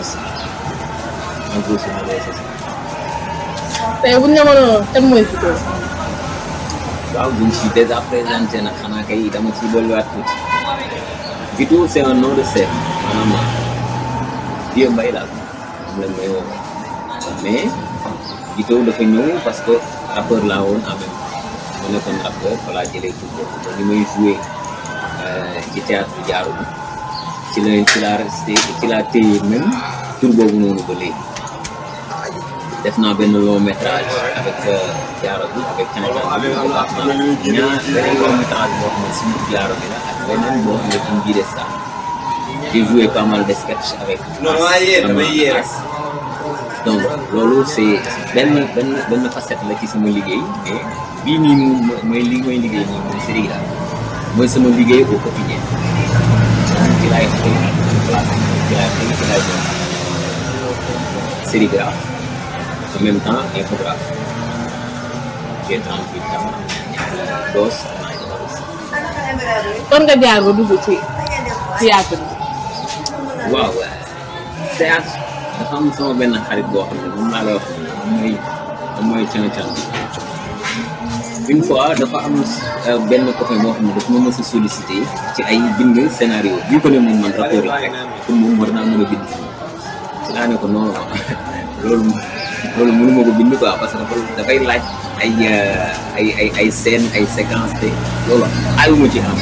aussi en gros c'est ça. tey bu ñu la mënoon kan mooy Vito. waaw buñ si déjà présenté na xanaa ci dolliwaat tuuti. Vito c'est dafa ñëw parce que rappeur laa woon en même temps mu nekkoon rappeur voilà jëlee boobu te li may joué ci théâtre jaaru bi. ci la ci laa resté téye même tur boobu noonu ba léegi def naa benn long métrage avec jaaro euh, bi avec Canada jaaro bi la ak beneen boo xam ne suñu biir sa j'ai pas mal de sketch avec donc loolu c'est benn benn benn facette la ci sama liggéey mais bii nii mooy liggéey sama liggéey au quotidien ci laay xëy ci laay xëy ci laay doon sérigraphe en même temps infographe j'ai 38 ans doos kon nga jaar ba dugg ci théâtre bi waaw théâtre dafa am sama benn xarit boo xam ne moom laa lay wax mooy mooy can-can bi une fois dafa am euh, benn copain boo xam ne daf ma mës a ci ay bind scénario bi ko ne moom man rapport la pour moom war naa mën a bind ko non loolu loolu mënu ma ko laaj euh, ay ay ay ay scène ay séquence te loolu ayuma ci am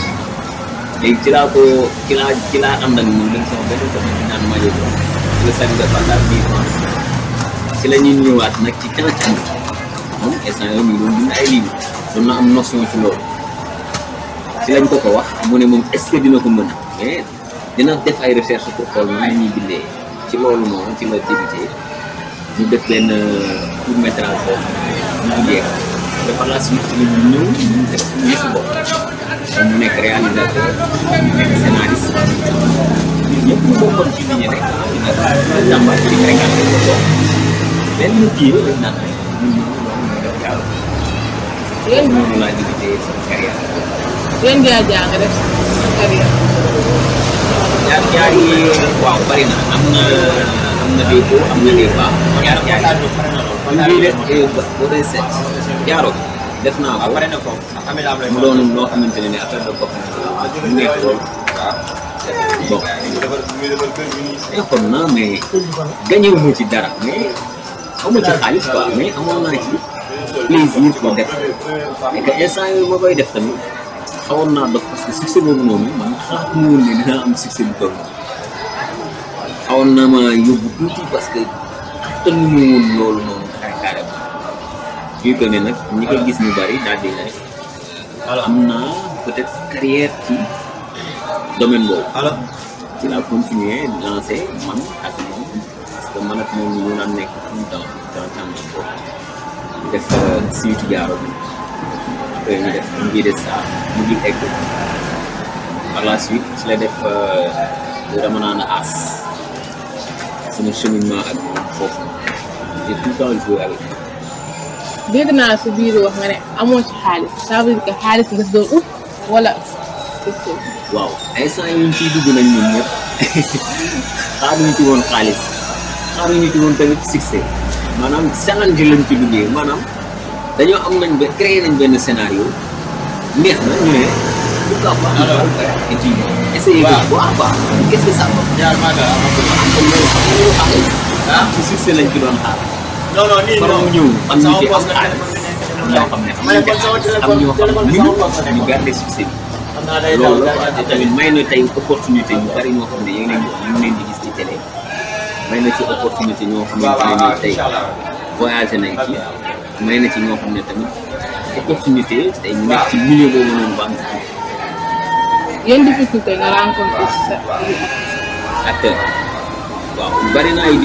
léegi ci laa ko ci laa ci laa moom lañ sama benn copain bi naan Madio Diop ci la ñuy ñëwaat nag ci cancan moom instant yooyu ñu ay livre doon na am notion ci loolu ci lañ ko ko wax mu ne moom est dina ko mën mais dina def ay recherche pour xool nu ñuy bindee ci loolu noonu ci la débuté ñu def leen euh, court métrage boobu mu jeex te par la suite ñu ñëw ñu def mu nekk mu nekk scénariste nekk leen maa ngi liggéey sama carrière. leen ngaa jàng def sa carrière. jaar na am na am na des am na des bas. def naa ko ah, ah, mu doon loo xamante ne affaire de bopp mu ah, nekk loolu bon nekkoon naa mais gañewu ma ci dara mais amu ci xaalis quoi mais amoon naa ci. plaisir pour def et def tamit xawoon naa dox parce que succès boobu noonu man xaar mu woon ne dinaa am succès bu toll xawoon naa ma yóbbu tuuti parce que attan mu woon loolu noonu carrément fii que ne nag ñi ko gis ñu bari daal di ne alors am naa peut-être ci domaine boobu. alors ci laa continuer lancer man ak moom parce que man moom ñu nekk tout le temps def euh, siitu jaaro bi yooyu ñu def mu ngi saa mu ngi egg par la suite ci la def euh, Ramanaana As sama cheminement ak moom foofu j'ai tout le temps joué avec amoo ci xaalis ça veut dire xaalis nga si doon ut wala waaw instant yi ñu ciy dugg nañ ñun ñëpp xaaruñu ci woon xaalis xaaruñu ci woon tamit succès maanaam challenge lañ ci liggéey maanaam dañoo am nañ ba créé nañ benn scénario neex na ñu ne pourquoi pas ñu war a faire étude essayer de voir quoi qu'est-ce que ça va. ñaar maa ngi ah ci succès lañ ci doon xaar. non non nii non ñëw am ñu ci am ñoo xam ne am ñoo xam ne ñu ñu garder succès bi. loolu tamit may na tey opportunité yu bari ñoo xam ne yéen a ngi ah. leen di gis ci télé. may na ci opportunité ñoo xamante ne nii tey voyagé nañ ci may na ci ñoo xam ne tamit opportunité tey ñu nekk ci milieu boobu noonu ba am yan difficulté nga rencontré ci sa acteur waaw bari naa ay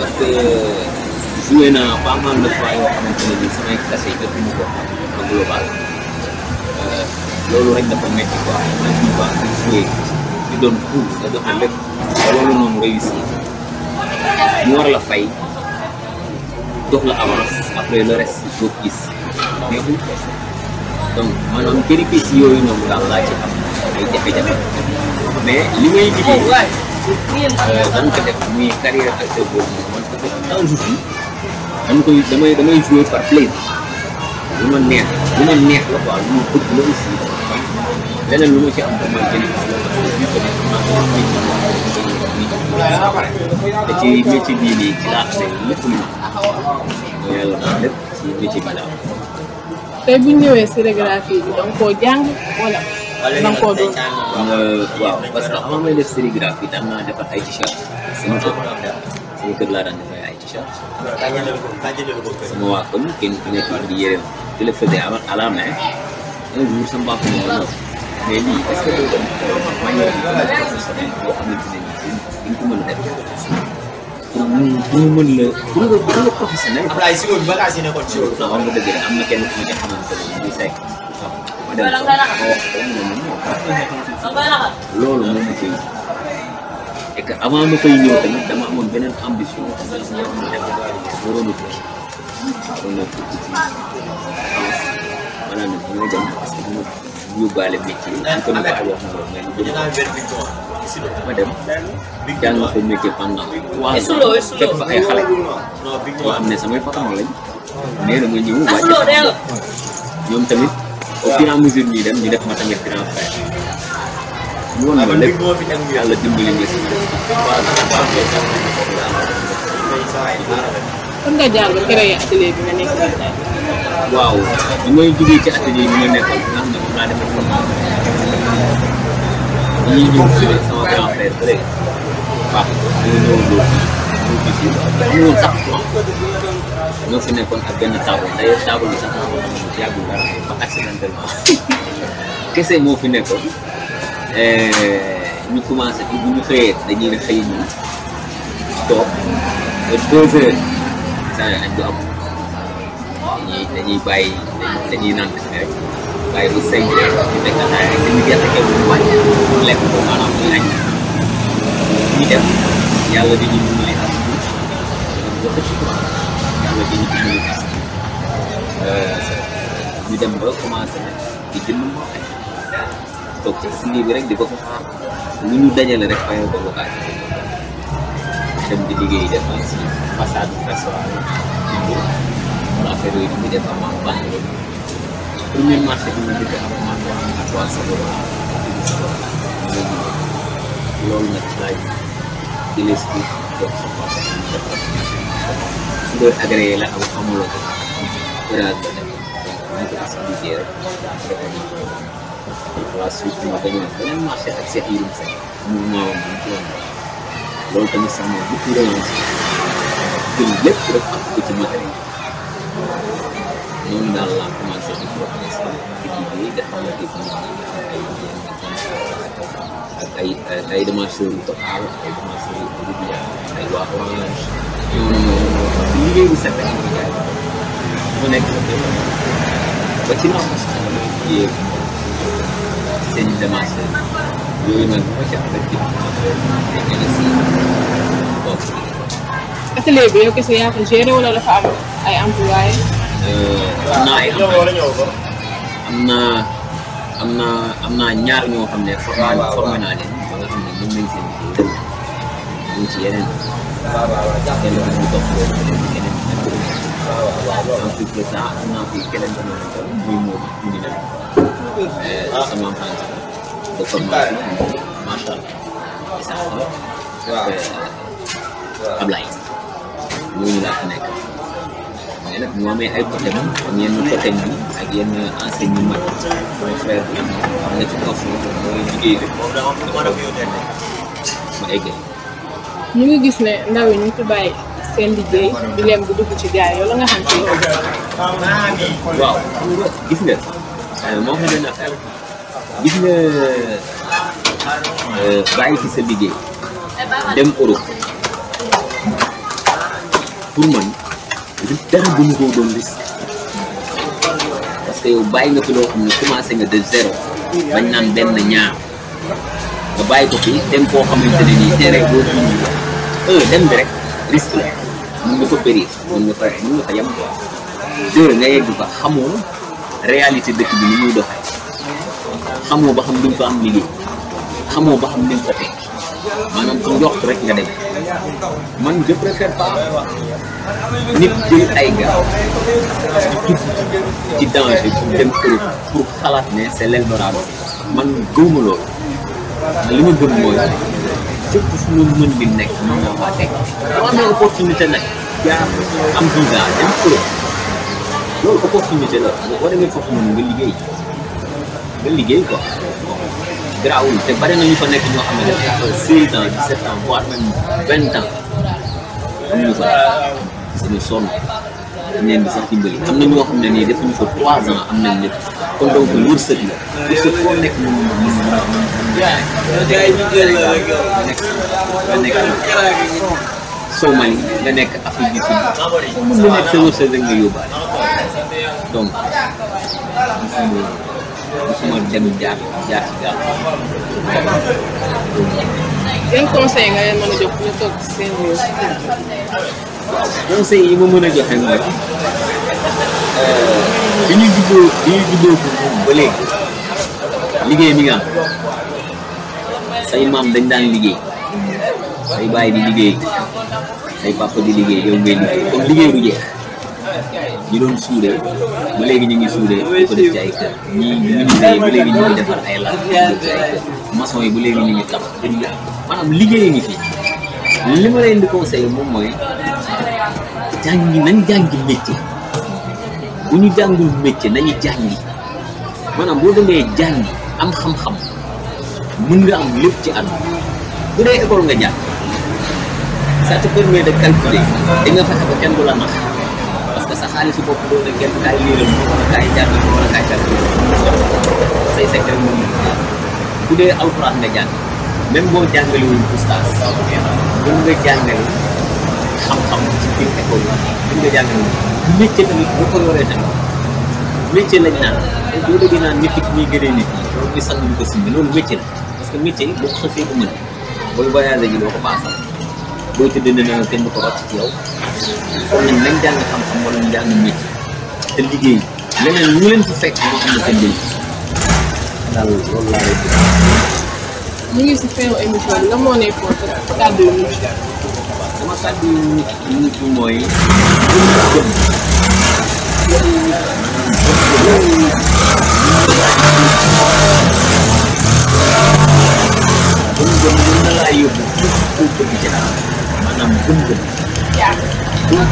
parce que joué naa pas mal ko en global euh, loolu rek dafa métti quoi dañ ko joué di doon cool nga joxe lépp loolu noonu réussir. ñu war la fay jox la avance après le reste boo gis neexul donc maanaam péripéties yooyu noonu daal laa ci am ay jafe-jafe mais li may liggéey euh, dañ ko def muy carrière acteur boobu man ko def un jour dama koy damay damay jouer par plaisir lu ma neex lu ma neex la quoi lu ma bëgg la aussi leneen lu ma ci am dama jëli parce da ci métier bii nii ci laa xamee lépp lu yàlla ko lépp ci métier bi bi nga waaw parce que avant may de sérigraphie daan naa defar ay t-shirt sama kër sama kër laa daan defar ay t-shirt sama waa kër kenn ku nekk di yéreem di la faisais à la main un jour sama bàpp mais lii est-ce que doo dem manière professionnelle boo xamante ne mën a def pour mu pour mu mën la pour nga pour nga professionnel. Ablaye si woon bagage yi nekkoon si woon. non wax nga dëgg de am na kenn ku nekk xamante ne muy sekk. ma dem ko loolu moom la koy et que avant ma koy ñëw tamit dama amoon beneen ambition. waroon a waroon a yóbbaale métier yi. su ko a baax wax ma dem jàng fa métier pendant trois ans fekk fa ay xale yoo xam ne samay patron lañ ah. mais dama ñëw wàcc ñoom tamit au fur et ñuy dem ñu def ma tamit grand frère ñu woon ah, ma lépp yàlla dimbali ma si fan nga jaar ba créé atelier bi nga nekk waaw bi may jógee ci atelier bi ma nekkal nga xam ne moom laa defal formation bi ñuy ñëw fii sama grand frère ba léegi waaw ñu ñëwoon doo fii ñu woon sax ñoo fi nekkoon ak benn table d'ailleurs table bi sax maa ko xam ne yàggul dara ba accidentellement kese moo fi nekkoon eh, ñu commencé bu ñu xëyee dañuy xëy ñu toog deux heures changé nañ du am dañuy dañuy bàyyi dañuy naan rek bàyyi bu sëñ bi rek ñu nekk dañuy gerte kër bu ñu wàññi lekk ko maanaam muy añ dem di ñu ba euh, dem ba commencé nag di jënd ci suñu rek di ko fa xaar lu ñu dajale rek fayoo ko ba dem di liggéeyi def si passage restaurant yi wala affaire yooyu bi ñu def am am baax na premier marché bi ñu dëkk am am ak waa Sabora loolu nag laaj délai si jox sa papa su doon agréé la am amuloo ko gëraat ba nekk donc ñu expliqué rek waa suite ma bañ a beneen marché ak Cheikh Yérim Seck mu ñëwoon loolu tamit sax moom bu tuuree woon si jël lépp rek xam ko ci matériel moom daal laa commencé di ko liggéey nga xamante ni ak ay ay démarcheurs yu total ak ay démarcheurs yu Orbia ay waa Orange ñooñu ñoo parce que liggéey bu set rek mu nekk ba ci ma liggéey seen démarcheurs yooyu nag bu ma ci affecté atelier bi yow kese yaa ko géré wala dafa am ay employé. am naa ay am naa am naa am naa ñaar ñoo xam ne. waaw waaw formé naa leen ba nga xam ne mën nañ seen kii ñu ngi ci yeneen. waaw waaw waaw jàpp nañ ko topp loolu yeneen en plus de ça am naa fi keneen ba noonu tam muy moom indi na eh, sama emploi de formation macha allah. waaw eh, Ablaye. yooyu laa fi nekk mais nag mu ay côté moom yenn côté moom ak yenn enseigne yu mag sama frère bi am ngi gis ne ndaw yi ñu ngi fi bàyyi seen liggéey di leen bu dugg ci gaay yow la nga xam ci yow waaw xam nga euh, gis ne euh, bàyyi fi sa liggéey dem Europe pour man du dara bu ñu ko doon risque parce que yow bàyyi nga fi loo xam ne commencé nga de zéro bañ naan benn ñaar nga bàyyi ko fi dem koo xamante ne nii tey rek boo dund un dem bi rek risque la mun nga ko périr mun nga fa mun nga fa nga yegg fa xamoo réalité dëkk bi ni muy doxee xamoo ba xam duñ fa am liggéey xamoo ba xam duñ fa tekki. maanaam ci njort rek nga dem man je préfère pas nit jël ay gaal di tudd ci danger pour dem kër pour xalaat ne c'est l'Eldorado man gëwma loolu li ma gëm mooy fépp fu ma mën di nekk mën nga faa nekk boo amee opportunité dem kër loolu opportunité la boo demee foofu noonu nga liggéey nga liggéey quoi garaawul te bari na ñu fa nekk ñoo xam ne def na fa 16 ans 17 ans voire même 20 ans amuñu fa suñu am na ñoo xam ne nii defuñu fa 3 ans am nañ lépp kon donc wërsëg la wërsëg foo nekk mën na nekk Somalie nga nekk Afrique du Sud mën nga nekk sa wërsëg nga yóbbaale donc su ma dem nga mën a jox pour ñu yi ma mën a joxe mooy euh, bi ñu juddoo bi ñu juddoo ba léegi liggéey mi nga am say maam dañ daan liggéey say baay di liggéey say papa di liggéey yow ngay liggéey kon liggéey bu jeex. ñi doon suudee ba léegi ñu ngi suudee di ko def ci ay kër ñi menuisier yi ba léegi ñu ngi defar ay lal di yi ba léegi ñu ngi tabax maanaam liggéey ngi fi li ma leen di conseillé moom mooy jàngi nañ jàngi métier bu ñu jàngul métier nañu jàngi maanaam boo demee jàngi am xam-xam mën nga am lépp ci àdduna bu dee école nga jàng ça te permet de calculer di nga fexe ba kenn du la nax sa xaalisu bopp doo ne kenn kaay liiral ko wala kaay jàngal ko wala kaay calculer ko say secteur moom la waaw bu dee alxuraan nga jàng même boo jàngalewul oustaz mën nga jàngale xam-xam ci biir école la mën nga jàngale métier tamit boo ko yoree tamit métier lañ naan te boo déggee naan nit ki fi muy gënee nit loolu ñu sang ñu ko simbi loolu métier la parce que métier boo ko xasee ko mën booy voyagé ji doo ko paasal booy tëdd dina kenn du ko wax ci xam-xam jàng métier te liggéey leneen ñu leen fi fekk moo xam ne seen liggéey ngi si feewu émission bi la moo nekkoon kàddu yu mujj sama kàddu yu mujj mooy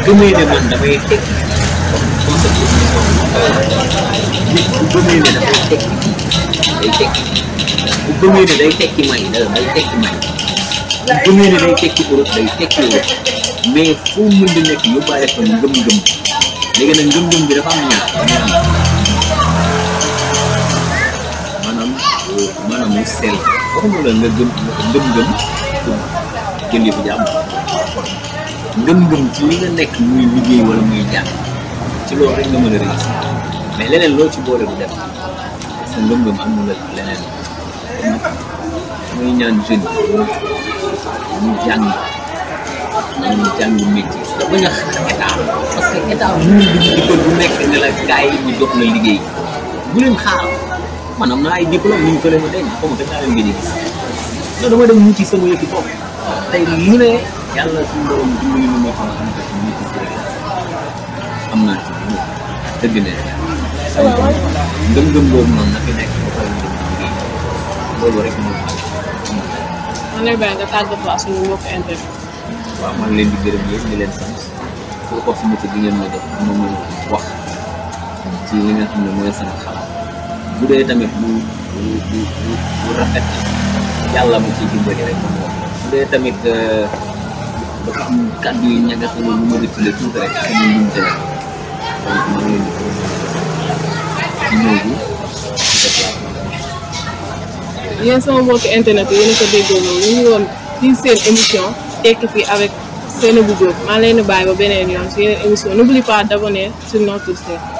gëmee ne man damay tekki comme soo nit bu gëmee ne dafay tekki day tekki bu gëmee ne day tekki may dara day tekki may bu gëmee tekki Europe day tekki Europe mais foo mën di nekk yóbbaale fa ngëm-ngëm léegi nag ngëm-ngëm bi dafa am ñaar maanaam la nga gëm ngëm-ngëm ngëm-ngëm ci nekk muy liggéey wala ci loolu rek nga ci boole bu def sa ngëm-ngëm am na leneen muy ñaan a parce que nekk ne la gars yi ñu la liggéey bu leen xaar man am naa ay diplôme ñu ngi fële ma ma dem ñu ci sama yëfi bopp tey mu ne yàlla suñu borom dimbali na am naa ci dëgg ne sama ngëm-ngëm boobu noonu na fi nekk ba pare ñu loolu rek nga leen di gërëm yéen di leen sant bi ngeen ma jox mu mën wax ci li nga xam ne mooy sama xalaat bu dee tamit bu bu bu bu rafet yàlla mu ciy dimbali rek moom wax bu dee tamit. Euh, ba sama mbokki internet yi yéen a ko déggoo ñu ngi woon ci seen émission tekki fii avec Seynabou Diop maa ngi leen bàyyi ba beneen yoon si yeneen émission n'oublie pas d'abonner sur notre chaîne